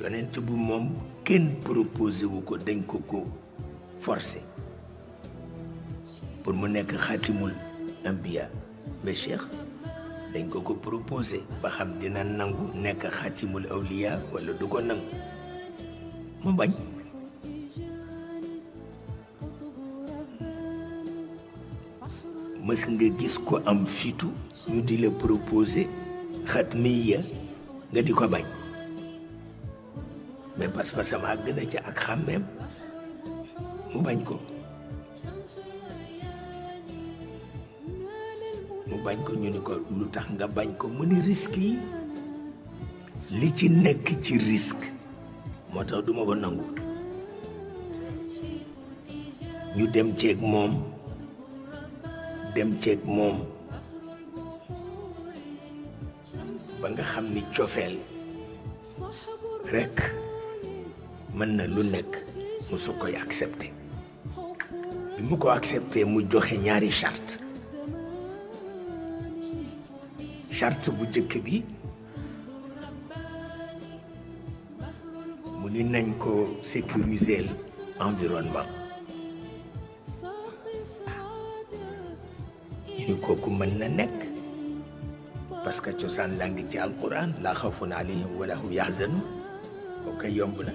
yonent bi moom kenn proposé wu ko dañ ko ko forcé pour mu nek khatimul ambiya mais cheikh dañ ko ko proposé ba xam dina nangu nek khatimul awliya wala du ko nang mu bañ Mais nga gis ko am fitu ñu di le proposer khatmiya nga di ko bañ mais parce que sama àgg na ci ak xàmmeem mu bañ ko mu bañ ko ñu ni ko lu tax nga bañ ko mu ni risque yi li ci nekk ci risque moo tax duma ko nangu ñu dem ceeg moom dem ceeg moom ba nga xam ni cofeel rekk mën na lu nekk musu koy accepté bi mu ko accepté mu joxe ñaari chart charte bu jëkk bi mu ni nañ ko sécuriser environnement ah. ñu ni kooku mën na nekk parce que cosaan laa ngi ci alquran laa xawfun alayhim wala hum yaxzanun kooku yomb na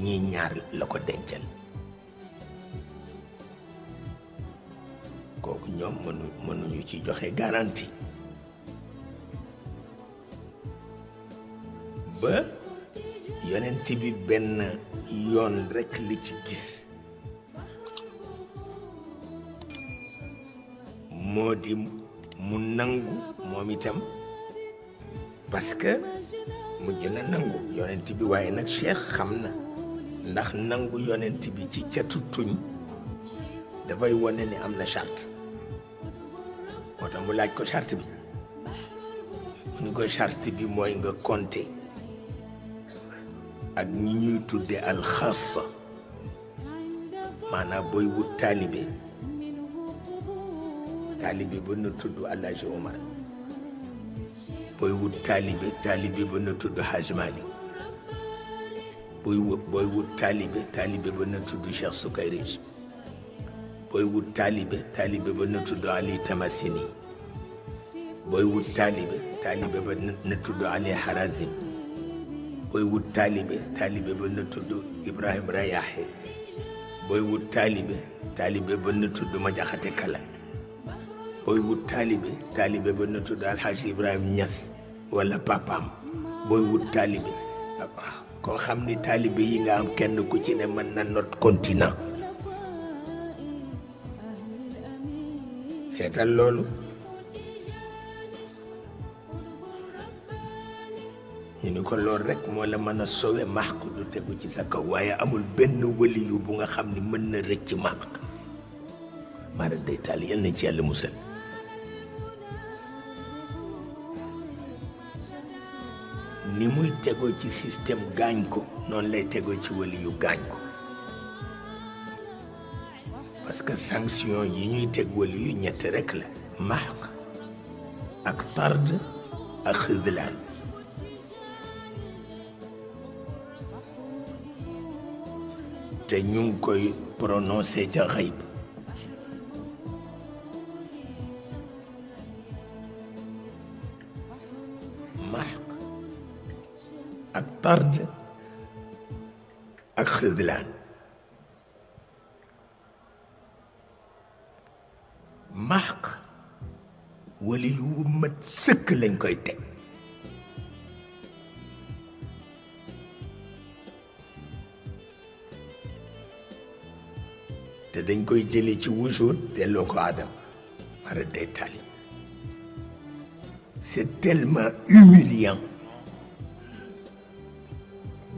ñii ñaar la ko dencal kooku ñoom mënu mënuñu ci joxe garantie ba yonent bi benn yoon rekk li ci gis moo di mu nangu moom itam parce que mujj na nangu yonent bi waaye nag Cheikh xam na ndax nangu yonent bi ci catu tuñ dafay wone ni am na chart moo tax mu laaj ko charte bi mu ni ko charte bi mooy nga compter ak ñi ñuy tudde alxassa maanaam booy wut taalibe taalibe ba na tudd Alaaji Omar booy wut taalibe taalibe ba na tudd Hajj Malik booy wut booy wut taalibe taalibe ba na tudd Cheikh Soukayrij booy wut taalibe taalibe ba na tudd Ali Tamasini booy wut taalibe taalibe ba na tudd Ali Harazim booy wut taalibe taalibe ba na tudd Ibrahim Rayaxe booy wut taalibe taalibe ba na tudd Majaxate Kala booy wut taalibe taalibe ba na tudd Alxaaji Ibrahim Ñas wala papaam booy wut taalibe koo xam ni taalibe yi nga am kenn ku ci ne mën na not continent seetal loolu ñu ni ko lool rekk moo la mën a sowe màq du tegu ci sa kaw waaye amul benn wëliyu bu nga xam ni mën na rëcc màq maanaam day taal yal nañ ci yàlla musal ni muy tegoo ci sistem gaañ ko noonu lay tegoo ci wali yu gaañ ko parce que sanction yi ñuy teg wali yu ñett rekk la mahq ak tard ak xidlaan te ñu ngi koy prononcé ca xayb ak Barde ak Xëdlaan maq wala yu mat sëkk lañ koy teg te dañ koy jële ci wujud delloo ko Adam mara day tali c'est tellement humiliant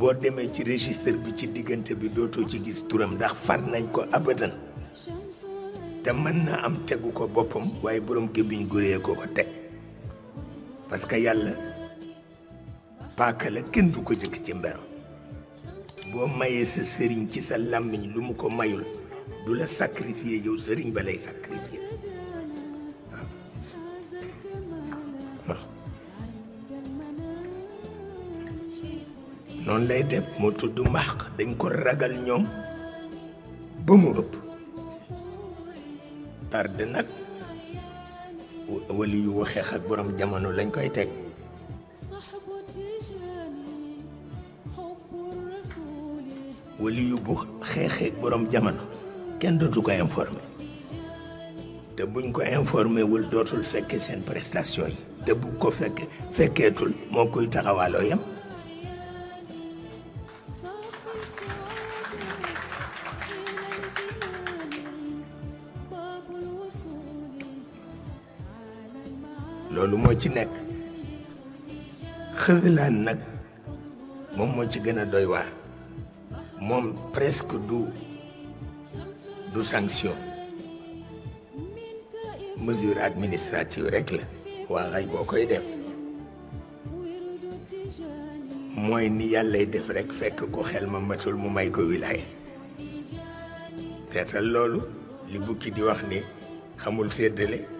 boo demee ci registre bi ci diggante bi dootoo ci gis turam ndax far nañ ko abadan te mën na am tegu ko boppam waaye borom gémmiñ guree ko ko teg parce que yàlla paaka la kenn du ko jëkk ci mberam boo mayee sa sëriñ ci sa làmmiñ lu mu ko mayul du la sacrifier yow sëriñ ba lay sacrifier noonu lay dem moo tudd mbaax dañ ko ragal ñoom ba mu ëpp tarde nag wali yu xeex ak borom jamono lañ koy teg wali yu bu xeexee borom jamono kenn dootu ko informé te buñ ko informé wul dootul fekke seen prestation yi te bu ko fekke fekkeetul moo koy taxawaaloo yam ci nek xëglaan nak mom mo ci gëna doy waar mom presque du du sanction mesure administrative rek la waa xay boo def moy ni yalla def rek fekk ko xel ma matul mu may ko wilay teetal loolu li bukki di wax ni xamul sédélé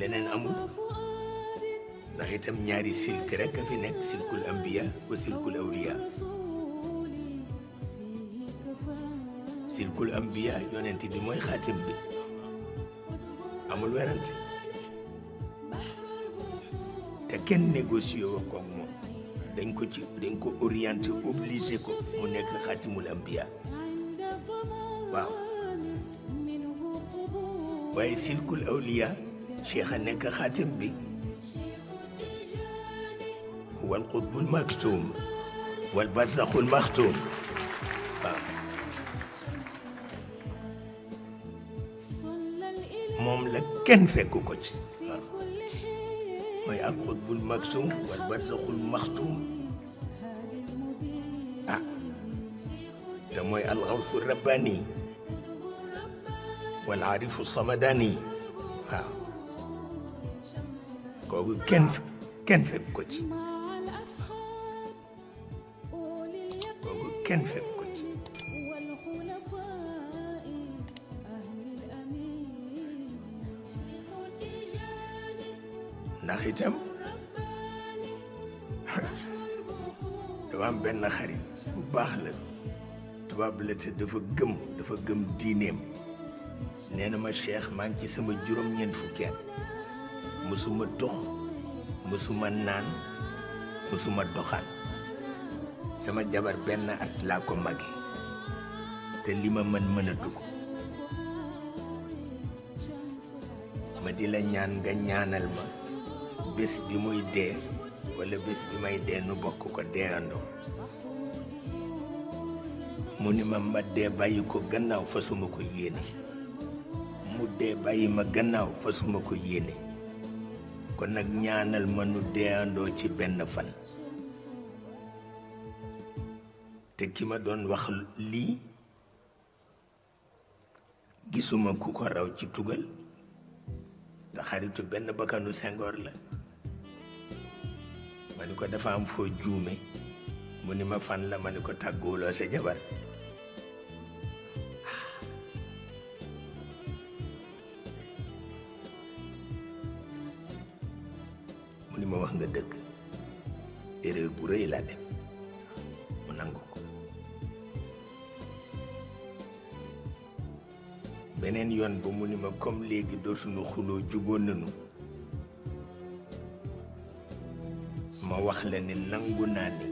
لنن أمو نهيتم نياري سلك رك في نك سلك الأنبياء وسلك الأولياء سلك الأنبياء يوننتي بموي خاتم بي أمو الورنت تكن نيغوسيو وكوك مو دنكو تي دنكو أورينت أوبليجي كو مونيك خاتم الأنبياء واو واي سلك الأولياء شيخ انك خاتم بي هو القطب المكتوم والبرزخ المختوم مملك كن فكوكوت ويا القطب المكتوم والبرزخ المختوم آه. تموي الغوث الرباني والعارف الصمداني ها. آه. kooku kenn kenn fekk ko ci kooku kenn fekk ko ci ndax itam dafa am benn xarit bu baax la tubaab la dafa gëm dafa gëm nee na ma Cheikh maa ngi ci sama juróom-ñeent mësuma dox mësuma naan mësuma doxaan sama jabar benn at laa ko magi te li ma mën mënatu ko ma di la ñaan nga ñaanal ma bés bi muy dee walla bés bi may dee nu bokk ko deeyandoo mu ni ma ma dee bàyyi ko gannaaw fasuma ko yéene mu dee bàyyi ma gannaaw fasuma ko yéene kon nag ñaanal ma nu deeyandoo ci benn fan te ki ma doon wax lii gisuma ku ko raw ci tugal te xaritu benn bakkanu sengoor la ma ni ko dafa am foo juume mu ni ma fan la ma ni ko tàgguwuloo sa jabar nga dëgg erreur bu rëy laa def mu nangu ko beneen yoon ba mu ni ma comme léegi dootuñu xuloo juboo nanu ma wax la ne nangu naa ni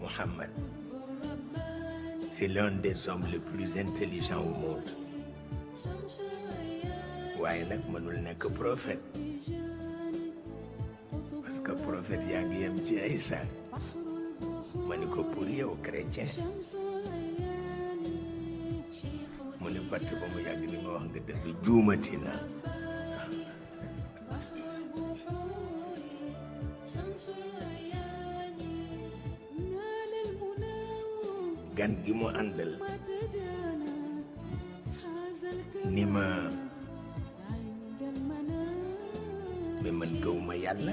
Muhammad c'est l'un des hommes les plus intelligents au monde waaye nag mënul nekk prophète parce que prophète yaa ngi yem ci ay saag ma ni ko pour yow chrétien mu ne batt ba mu yàgg li nga nga dëgg juumati na gan gi mu àndal ni ma yàlla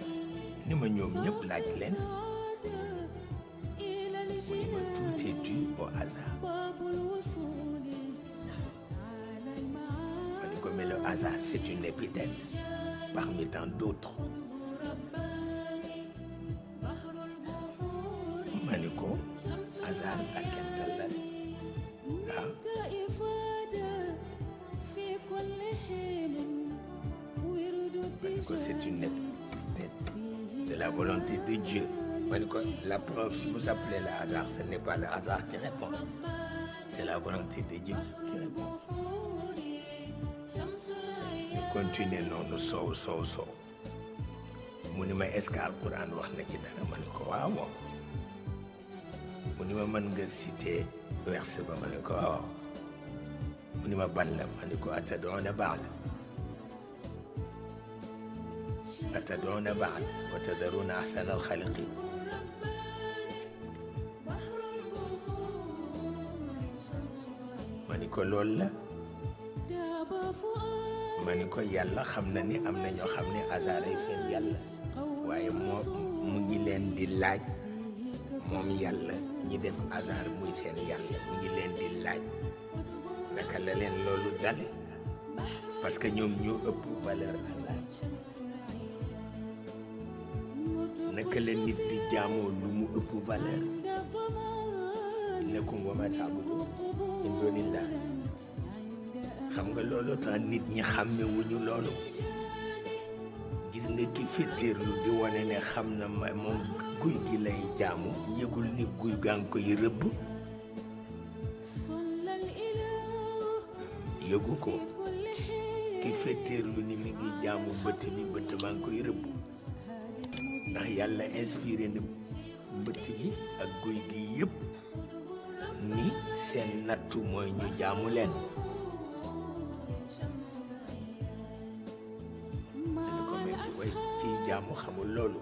ma ñoom ñëpp laaj leen mu ni ma tout est dû au hasard ma ni mais le hasard c'est une épidémie parmi tant d'autres ma ni ko hasard ak kental la waaw ah. ma ni c'est une épithète la volonté de Dieu. La preuve, si vous appelez le hasard, ce n'est pas le hasard qui répond. C'est la volonté de Dieu qui répond. Nous non, nous sommes, sommes, sommes. mu ni ma est quran wax na ci dara ma ne ko waaw moom mu ni ma cité verset ba ma ne ko waaw mu ni ma ban la ma la أتدعون بعد وتذرون أحسن الخالقين ma ni ko lool la ma ni ko yàlla xam na ni am na ñoo xam ne asaaray seen yàlla waaye moo mu ngi leen di laaj moom yàlla ñi def asaar muy seen yàlla mu ngi leen di laaj naka la leen loolu dale parce que ñoom ñu ëpp valeur asaar naka la nit di jaamoo lu mu ëpp valeur innakum wa ma taabudu min dunillah xam nga loolu tax nit ñi xàmme wuñu loolu gis nga ki féttéerlu di wane ne xam na ma moom guy gi lay jaamu yëgul ni guy gaa ngi koy rëbb yëgu ko ki féttéerlu ni mi ngi jaamu bët bi bët baa ngi koy rëbb ndax yàlla inspiré na mbëtt yi ak guy gi yëpp ni seen nattu mooy ñu jaamu leen dana ko metti way kii jaamu xamul loolu